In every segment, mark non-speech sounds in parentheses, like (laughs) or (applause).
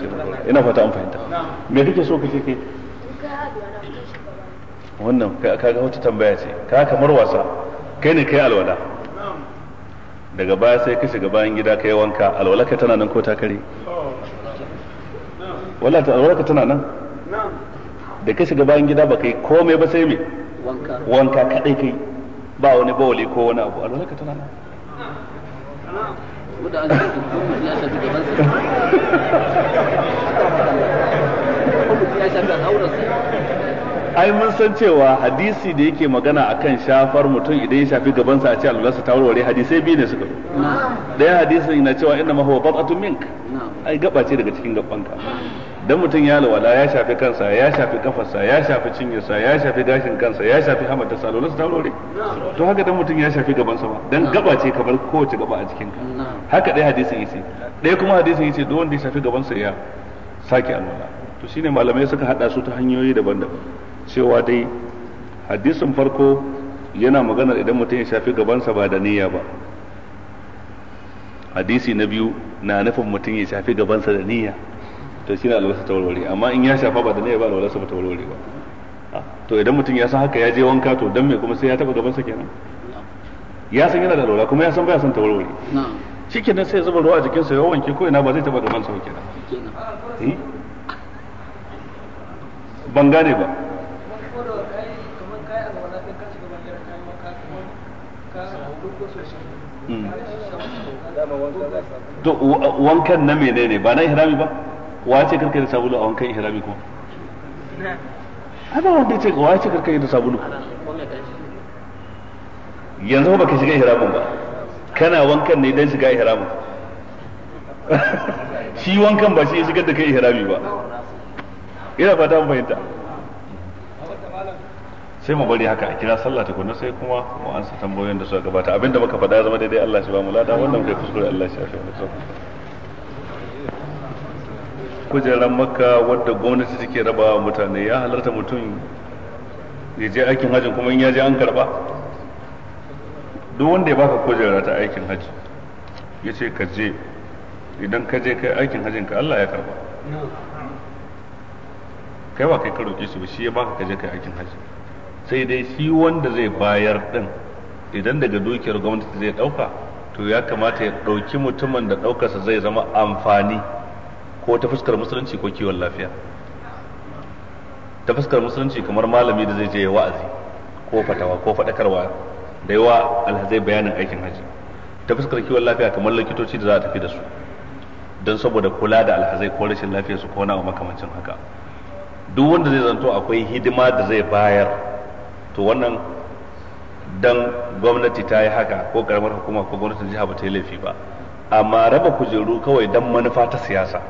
ashirin ina fata an fahimta me kake so kace kai wannan kaga wata tambaya ce ka kamar wasa kai ne kai alwala daga baya sai ka shiga bayan gida kai wanka alwala kai tana nan ko ta kare oh. wala ta alwala kai tana nan da ka shiga bayan gida ba kai komai ba sai me wanka kadai kai ba wani bawali ko wani abu alwala kai tana nan da ai mun san cewa hadisi da yake magana akan shafar mutum idan ya shafi gabansa a ce alwalarsa ta warware hadisai biyu ne suka daya hadisin na cewa inna ma huwa mink ai gaba ce daga cikin gaban ka. dan mutum ya alwala ya shafi kansa ya shafi kafarsa ya shafi cinyarsa ya shafi gashin kansa ya shafi hamatarsa alwalarsa ta aure to haka dan mutum ya shafi gabansa ba dan gaba ce kamar kowace gaba a cikin ka haka dai hadisin yace dai kuma hadisin yace duk wanda ya shafi gabansa ya sake alwala to shine malamai suka hada su ta hanyoyi daban-daban cewa dai hadisin farko yana magana idan mutum ya shafi gabansa ba da niyya ba hadisi na biyu na nufin mutum ya shafi gabansa da niyya to shine alwasa ta warware amma in ya shafa ba da ne ba alwasa ba ta warware ba to idan mutum ya san haka ya je wanka to dan me kuma sai ya taba gaban sa kenan ya san yana da lura kuma ya san baya son ta warware cikin nan sai zuba ruwa a jikinsa ya wanke ko ina ba zai taba gaban sa kenan eh? ban gane ba hmm. wankan na menene ba na ihrami ba wa ce yi da sabulu a wankan ihrami ko ana wanda ce wa ce karka da sabulu yanzu ba ka shiga ihramin ba kana wankan ne dan shiga ihramin (laughs) shi wankan ba shi ya shigar da kai ihrami ba ina fata mun fahimta sai mu bari haka a kira sallah ta tukunna sai kuma mu ansa tambayoyin da suka gabata abinda muka faɗa zama daidai Allah shi ba mu lada wannan kai kuskure Allah shi ya shafe mu kujerar makka wadda gwamnati take raba wa mutane ya halarta mutum ya je aikin hajji kuma in ya je an karba duk wanda ya baka kujera ta aikin hajji ya ce ka je idan ka je kai aikin hajjin ka Allah ya karba kai ba kai ka roƙe shi ba shi ya baka ka je kai aikin hajji sai dai shi wanda zai bayar din idan daga dukiyar gwamnati zai ɗauka to ya kamata ya ɗauki mutumin da daukarsa zai zama amfani ko ta fuskar musulunci ko kiwon lafiya ta fuskar musulunci kamar malami da zai je wa'azi ko fatawa ko faɗakarwa da yawa alhazai bayanin aikin haji ta fuskar kiwon lafiya kamar likitoci da za a tafi da su don saboda kula da alhazai ko rashin lafiya su kona wa makamancin haka duk wanda zai zanto akwai hidima da zai bayar to wannan dan gwamnati ta yi haka ko karamar hukuma ko gwamnatin jiha ba ta yi laifi ba amma raba kujeru kawai dan manufa ta siyasa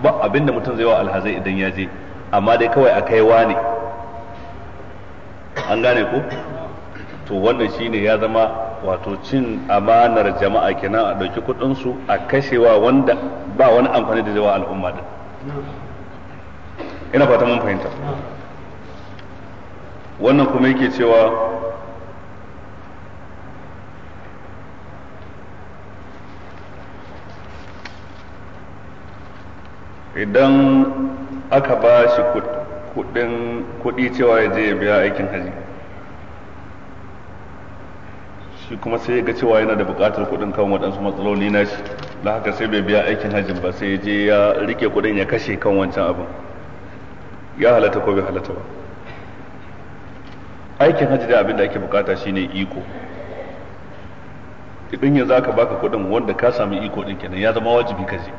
ba abin da mutum zai wa alhazai idan ya je amma dai kawai a wa ne an gane ku to wannan shine ya zama wato cin amanar jama'a kenan a ɗauki kuɗinsu a kashewa wanda ba wani amfani da zai wa al'umma din ina fata mun fahimta wannan kuma yake cewa idan aka ba shi kudin kudi cewa ya je ya biya aikin haji shi kuma sai ga cewa yana da buƙatar kudin kan waɗansu matsaloli na shi da haka sai bai biya aikin hajjin ba sai ya je ya rike kudin ya kashe kan wancan abin ya halatta ko bai halatta ba aikin hajji da abin da ake bukata shine iko idan yanzu aka baka kudin wanda ka sami iko ɗin kenan ya zama wajibi ka je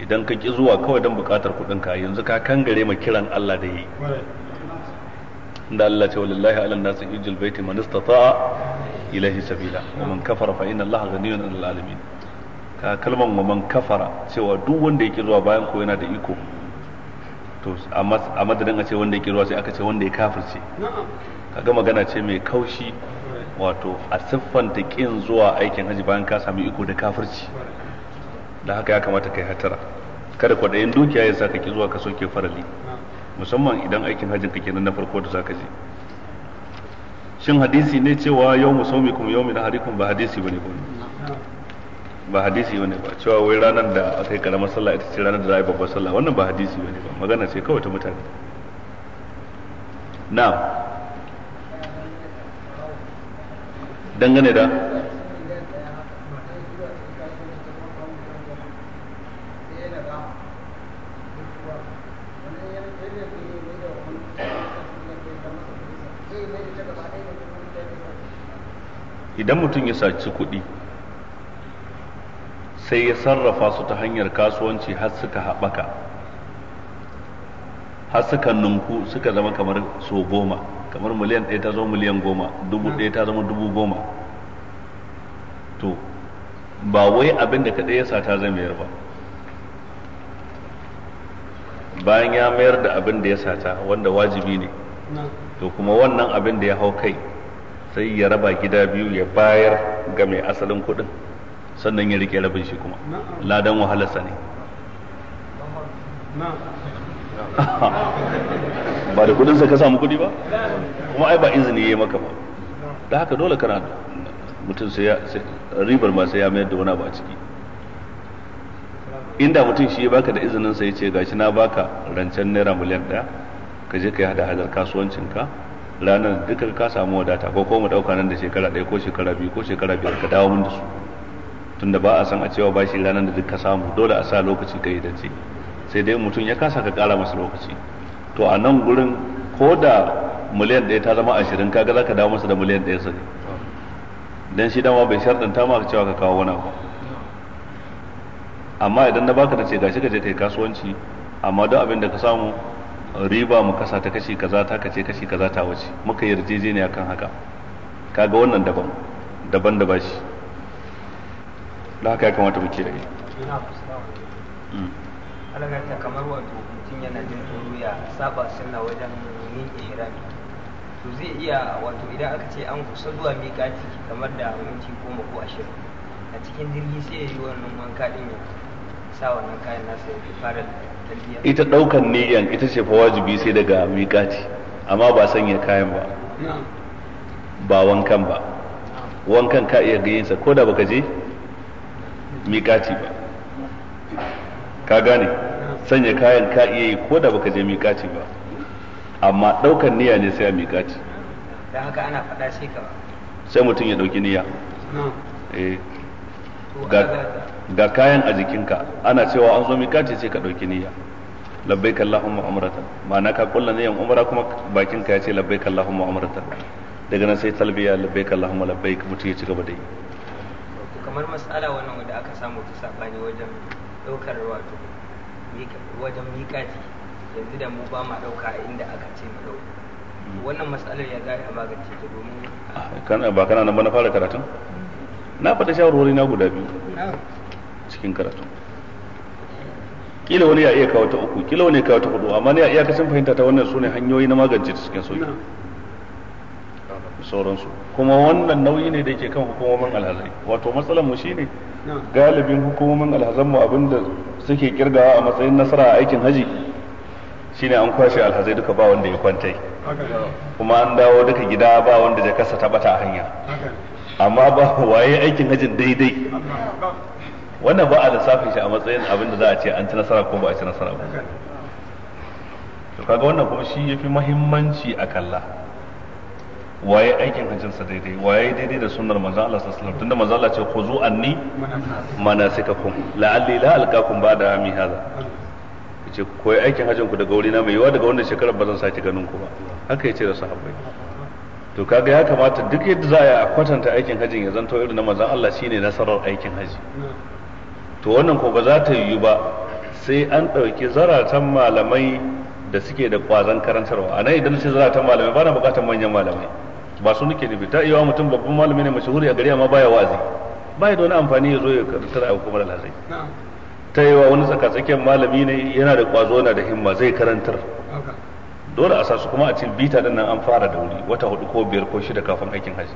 idan ka ƙi zuwa kawai don buƙatar kuɗin ka yanzu ka kangare ma kiran Allah da yi Inda Allah ce wallahi ala nasu ijil baiti man istata'a ilahi sabila wa man kafara fa inna Allah ghaniyun 'anil alamin ka kalman wa man kafara cewa duk wanda yake zuwa bayan ko yana da iko to a madadin a ce wanda yake zuwa sai aka ce wanda ya kafirce kaga magana ce mai kaushi wato a siffanta ƙin zuwa aikin haji bayan ka sami iko da kafirci da haka ya kamata kai hatara kada kwaɗayin dukiya ya saka ki zuwa ka soke farali musamman idan aikin hajjin ka kenan na farko da zaka je shin hadisi ne cewa yau saumi kuma yau na harikun ba hadisi bane ba ba hadisi bane ba cewa wai ranar da aka yi karamar sallah ita ce ranar da za a yi babbar sallah wannan ba hadisi bane ba magana ce kawai ta mutane na'am dangane da idan mutum ya saci kuɗi sai ya sarrafa su ta hanyar kasuwanci har suka haɓaka har suka nunku suka zama kamar so goma kamar miliyan ɗaya ta zama miliyan goma dubu ɗaya ta zama dubu goma to ba wai abin da kaɗai ya sata zai mayar ba bayan ya mayar da abin da ya sata wanda wajibi ne to kuma wannan abin da ya hau kai sai ya raba gida biyu ya bayar ga mai asalin kuɗin sannan ya rike rabin shi kuma ladan wahalarsa ne ba da kudinsa ka samu kudi ba kuma ai ba izini ya yi maka ba da haka dole kana mutum sai ribar ma sai ya mayar da wani abu a ciki inda mutum shi ya baka da izinin sai ya ce gashi na baka rancen naira miliyan daya ka je ka yi hada hadar kasuwancinka ranar duka ka samu wadata ko mu dauka nan da shekara ɗaya ko shekara biyu ko shekara biyar ka dawo mun da su tunda ba a san a cewa bashi ranar da duka samu dole a sa lokaci ka yi dace sai dai mutum ya kasa ka kara masa lokaci to a nan gurin ko da miliyan ɗaya ta zama ashirin kaga za ka dawo masa da miliyan ɗaya sani dan shi dama bai ta ma cewa ka kawo wani abu amma idan na baka da ce gashi ka je yi kasuwanci amma duk abin da ka samu riba mu kasa ta kashi kaza ta kace kashi kaza ta wace muka yarjejeniya akan haka kaga wannan daban daban da bashi da haka ya kamata mu kiyaye mm. alagarta kamar wato mutum yana jin tsoro ya saba sunna wajen yin ihrami to zai iya wato idan aka ce an kusa zuwa miƙati kamar da minti goma ko ashirin a cikin jirgi sai ya yi wannan wanka din ya sa wannan kayan nasa ya fara da ita daukan niyan ita ce fa wajibi sai daga miƙati amma ba sanya kayan ba ba wankan ba wankan ka iya yin sa ko da baka je miƙati ba ka gane sanya kayan ka iya yi ko da baka je miƙati ba amma daukan niyya ne sai a miƙati da haka ana faɗa sai ka sai mutum ya dauki niyya eh ga ga kayan a jikinka ana cewa an zo kace sai ka dauki niyya labbaik allahumma umratan ma'ana ka kulla niyyan umra kuma bakinka ya ce labbaik allahumma umratan daga nan sai talbiya labbaik allahumma labbaik mutum ya ci gaba da yi kamar mas'ala wannan wanda aka samu ta sabani wajen ɗaukar wato wajen miƙati yanzu da mu ba ma ɗauka inda aka ce mu ɗauka hmm. wannan masalar ya gari a magance ta domin ah, ba kana nan ba na fara karatun hmm. na fata shawarwari na guda biyu cikin karatu kila wani ya iya kawo ta uku kila wani ya kawo ta hudu amma ni ya iya kasan fahimta ta wannan sune hanyoyi na magance ta cikin sauki sauransu kuma wannan nauyi ne da ke kan hukumomin alhazai wato matsalar mu shine galibin hukumomin alhazan mu abinda suke kirgawa a matsayin nasara a aikin haji shine an kwashe alhazai duka ba wanda ya kwantai kuma an dawo duka gida ba wanda ya ta bata a hanya amma ba waye aikin hajin daidai wannan ba a lissafin shi a matsayin abin da za a ce an ci nasara ko ba a ci nasara ba to kaga wannan kuma shi yafi muhimmanci a kalla waye aikin hajjin sa daidai waye daidai da sunnar manzon Allah sallallahu alaihi wasallam tunda manzon Allah ce zu anni manasikakum la'alli la alqakum ba'da ami hadha yace koyi aikin hajjin ku daga wuri na mai yawa daga wannan shekarar ba zan sake ganin ku ba haka yace da sahabbai to kaga ya kamata duk yadda za a kwatanta aikin hajjin ya zanto irin na manzon Allah shine nasarar aikin haji to wannan ko ba za ta yiwu ba sai an ɗauki zaratan malamai da suke da ƙwazon karantarwa a nan idan ce zaratan malamai ba na buƙatar manyan malamai ba su nuke nufi ta iya mutum babban malami ne mashahuri a gari amma baya wazi baya da wani amfani ya zo ya karantar a hukumar alhazai ta yi wa wani tsakatsakiyar malami ne yana da ƙwazo na da himma zai karantar dole a sasu kuma a cin bita nan an fara da wuri wata hudu ko biyar ko shida kafin aikin hajji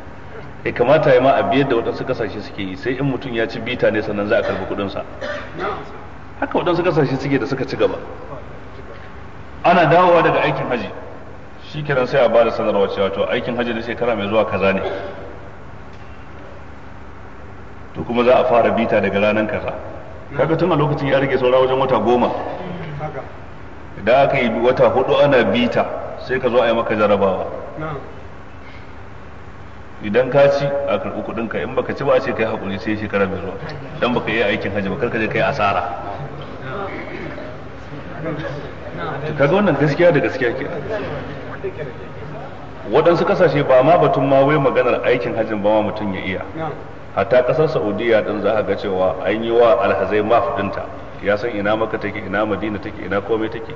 ya kamata ya ma a biyar da waɗansu kasashe suke yi sai in mutum ya ci bita ne sannan za a karɓi kuɗinsa haka waɗansu kasashe suke da suka ci gaba ana dawowa daga aikin haji shi kiran sai a ba da sanarwa cewa to aikin haji na shekara mai zuwa kaza ne to kuma za a fara bita daga ranar kaza kaga tun a lokacin ya rage saura wajen wata goma da aka yi wata hudu ana bita sai ka zo a yi maka jarabawa idan ka ci a karɓi kuɗin ka in baka ci ba a ce kai hakuri sai shekara mai zuwa dan baka yi aikin hajji ba karka je kai asara to kaga wannan gaskiya da gaskiya ke waɗansu kasashe ba ma batun ma wai maganar aikin hajjin ba ma mutum ya iya hatta ƙasar saudiya ɗin za a ga cewa an yi wa alhazai maf dinta ya san ina maka take ina madina take ina komai take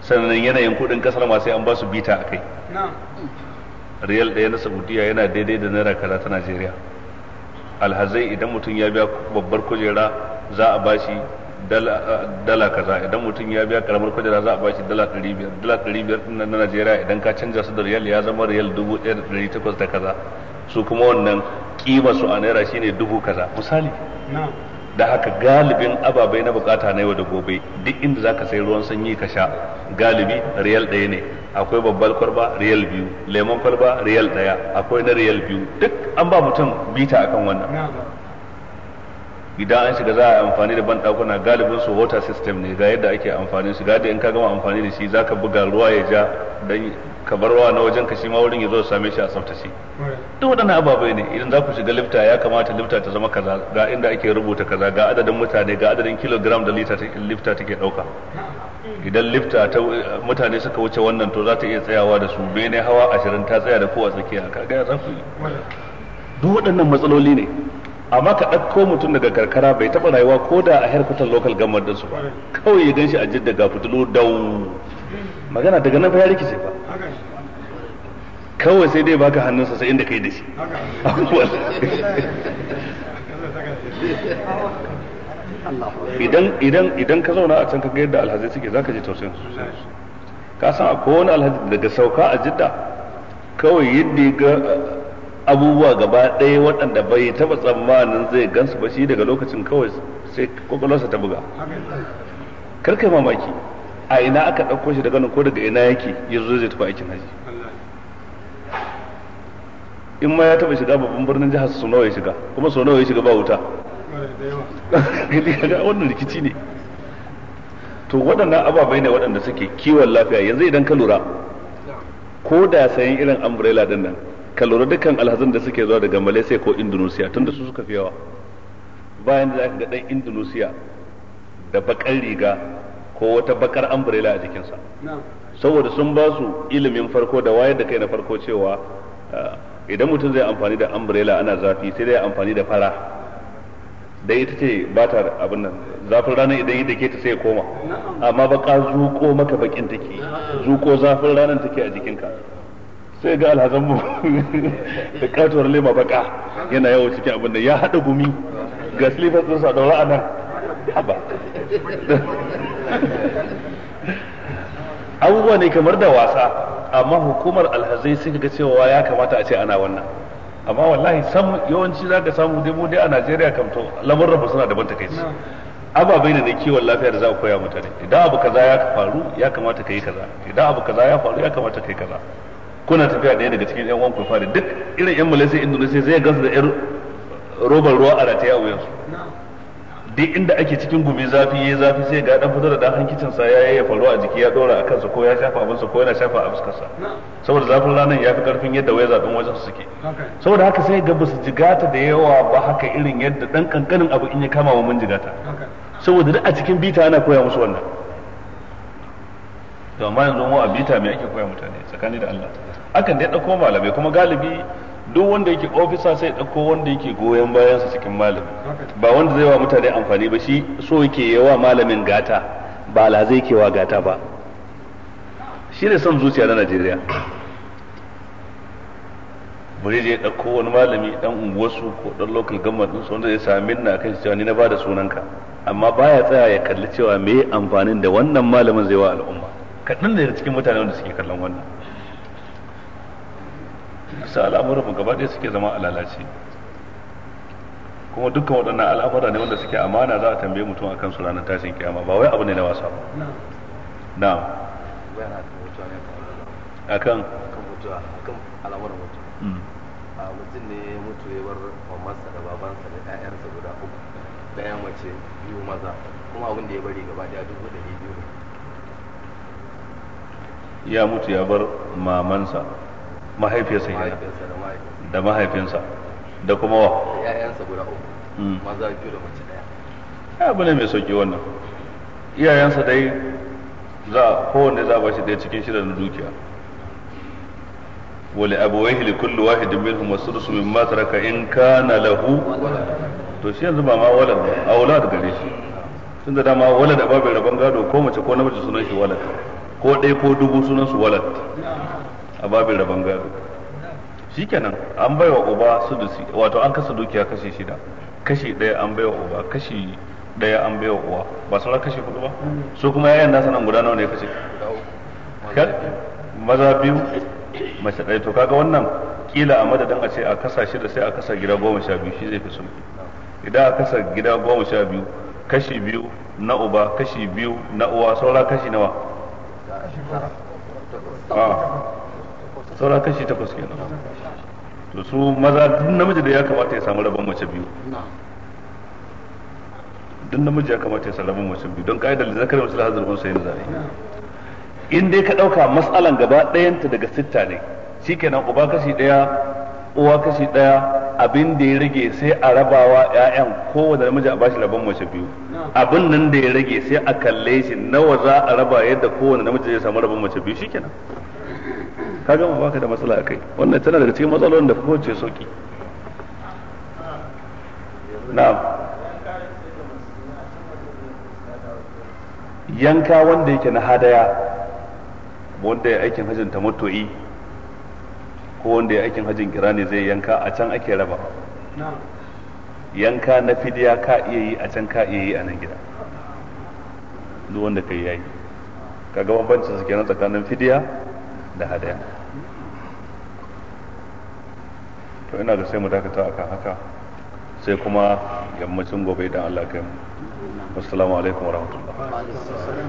sannan yanayin kuɗin kasar ma sai an ba su bita a kai riyal ɗaya na saudiya yana daidai da naira kaza ta najeriya alhazai idan mutum ya biya babbar kujera za a bashi dala kaza idan mutum ya biya karamar kujera za a bashi dala ɗari biyar dala ɗari biyar na najeriya idan ka canja su da riyal ya zama riyal dubu ɗaya da ɗari takwas da kaza su kuma wannan kima su a naira shine dubu kaza misali da haka galibin ababai na bukata na yau da gobe duk inda zaka sai ruwan sanyi ka sha galibi riyal ɗaya ne akwai babbar kwalba riyal biyu lemon kwalba riyal ɗaya akwai na riyal biyu duk an ba mutum bita akan wannan idan an shiga za a amfani da bandakuna galibin su water system ne ga yadda ake amfani su ga in ka gama amfani da shi zaka buga ruwa ya ja ka bar wa na wajen ka shi ma wurin ya zo same shi a tsaftace duk waɗannan ababai ne idan za ku shiga lifta ya kamata lifta ta zama kaza ga inda ake rubuta kaza ga adadin mutane ga adadin kilogram da lita lifta take ɗauka idan lifta ta mutane suka wuce wannan to za ta iya tsayawa da su bene hawa ashirin ta tsaya da kowa tsakiya ka ga ya duk waɗannan matsaloli ne amma ka ɗauko mutum daga karkara bai taɓa rayuwa ko da a harkutan local da ɗinsu ba kawai ya ganshi a jidda ga fitilu dau magana daga nan fa ya rikice ba kawai sai dai baka hannunsa sai inda kai da shi idan idan idan ka zauna a can ka ga yadda alhaji suke zaka ji tausayin su ka san a wani alhaji daga sauka a jidda kawai yadda ya ga abubuwa gaba ɗaya waɗanda bai taɓa tsammanin zai gansu ba shi daga lokacin kawai sai kwakwalwarsa ta buga karka mamaki a ina aka ɗauko shi daga nan ko daga ina yake ya zo zai tafi aikin haji in ma ya taɓa shiga babban birnin jihar sau nawa ya shiga kuma sau nawa ya shiga ba wuta wannan rikici ne to waɗannan ababai ne waɗanda suke kiwon lafiya yanzu idan ka lura ko da sayan irin umbrella din nan ka lura dukkan alhazan da suke zuwa daga malaysia ko indonesia tunda su suka fi yawa bayan da za ga dan indonesia da bakar riga ko wata bakar umbrella a jikinsa saboda sun ba su ilimin farko da wayar da kai na farko cewa eh, idan mutum zai amfani da umbrella ana zafi sai dai amfani da fara da ita ce ba ta abin nan zafin ranar idan yi da ke ta sai koma amma baka zuko maka bakin take zuko zafin ranar take a jikinka sai ga alhazan mu da katuwar lema baka yana yawo cikin abin da ya haɗa gumi ga silifas din sa daura anan haba abubuwa ne kamar da wasa amma hukumar alhazai suka ga cewa ya kamata a ce ana wannan amma wallahi samun yawanci za ka samu dai mu dai a Najeriya kam to lamurran ba suna daban su ababai ne na kiwon lafiya da za a koya mutane idan abu kaza ya faru ya kamata ka yi kaza idan abu kaza ya faru ya kamata ka yi kaza kuna tafiya ɗaya daga cikin 'yan uwan ku fara duk irin 'yan malaysia indonesia zai gasa da 'yan robar ruwa a rataya a wuyansu duk inda ake cikin gumi zafi ya zafi sai ga dan fitar da dan hankicin sa yayi ya faru a jiki ya dora a kansa ko ya shafa abinsa ko yana shafa a fuskar sa saboda zafin ranar ya fi karfin yadda waya zafin wajen su suke saboda haka sai ga su jigata da yawa ba haka irin yadda dan kankanin abu in ya kama wa mun jigata saboda duk a cikin bita ana koya musu wannan to amma yanzu mu a bita me ake koya mutane tsakani da Allah akan dai dauko malamai kuma galibi duk wanda yake ofisa sai dauko wanda yake goyon sa cikin malami ba wanda zai wa mutane amfani ba shi so yake yawa malamin gata ba la zai kewa gata ba shi ne son zuciya na Najeriya bari je dauko wani malami dan unguwarsu ko dan local government din su wanda zai sami na kan cewa ni na bada sunanka amma baya tsaya ya kalli cewa me amfanin da wannan malamin zai wa al'umma kaɗan da cikin mutane wanda suke kallon wannan bisa al'amuran mu gaba ɗaya suke zama a lalace kuma dukkan waɗannan al'amura ne wanda suke amana za a tambaye mutum a kansu ranar tashin kiyama ba wai abu ne na wasa ba na akan mutuwa al'amuran mutuwa hmm. a mutum ne mutu ya bar mamansa da babansa da ƴaƴansa guda uku ɗaya mace biyu maza kuma abin da ya bari gaba ɗaya dubu ɗari biyu ya mutu ya bar mamansa mahaifiyarsa kenan da mahaifinsa da kuma wa ƴaƴansa guda uku hmm. maza biyu da mace ɗaya abu ne mai sauki wannan iyayensa dai za kowanne za a bashi ɗaya cikin shida na dukiya wali abawaihi li kulli wahidin minhum wasulusu mimma taraka in kana lahu to shi yanzu ba ma wala da gare shi tunda dama da babin rabon gado ko mace ko namiji sunan shi wala ko ɗaya ko dubu sunan su walad a babin rabon gado kenan an baiwa uba sudusi wato an kasa dukiya kashi shida kashi ɗaya an baiwa uba kashi ɗaya an baiwa uwa ba sauran kashi kudu ba su kuma yayan nasa nan guda nawa ne kashi maza biyu mace ɗaya to kaga wannan kila a madadin a ce a kasa shida sai a kasa gida goma sha biyu shi zai fi sauki idan a kasa gida goma sha biyu kashi biyu na uba kashi biyu na uwa saura kashi nawa a ah. saura kashi takwas kenan to su maza duk namiji da ya kamata ya samu rabon mace biyu duk namiji ya kamata ya samu rabon mace biyu don ka'idar da zakarin masu lahazar kun sai zai in dai ka ɗauka matsalan gaba ɗayanta daga sitta ne shi kenan uba kashi ɗaya uwa kashi ɗaya abin da ya rage sai a rabawa ƴaƴan kowane namiji a bashi rabon mace biyu abin nan da ya rage sai a kalle shi nawa za a raba yadda kowane namiji zai samu rabon mace biyu shikenan ka gama baka da matsala akai wannan tana daga cikin matsalolin da kowace soki na'am yanka wanda yake na hadaya wanda ya aikin hajjin tamattu'i ko wanda ya aikin hajjin kirani zai yanka a can ake raba yanka na fidiya ka iya yi a can ka iya yi a nan gida duk wanda kai yayi kaga bambancin su kenan tsakanin fidiya da hadaya to ina da sai mu dakata akan haka sai kuma yammacin gobe idan Allah kai mu assalamu alaikum warahmatullahi